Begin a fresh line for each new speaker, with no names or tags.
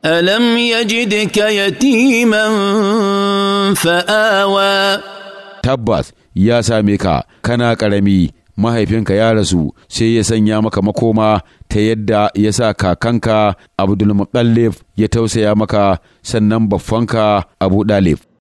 Alam الم يجدك يتيما فاوى tabbas ya same ka kana ƙarami mahaifinka ya rasu sai ya sanya maka makoma ta yadda ya sa kakanka abdulmutallif ya tausaya maka sannan baffanka abu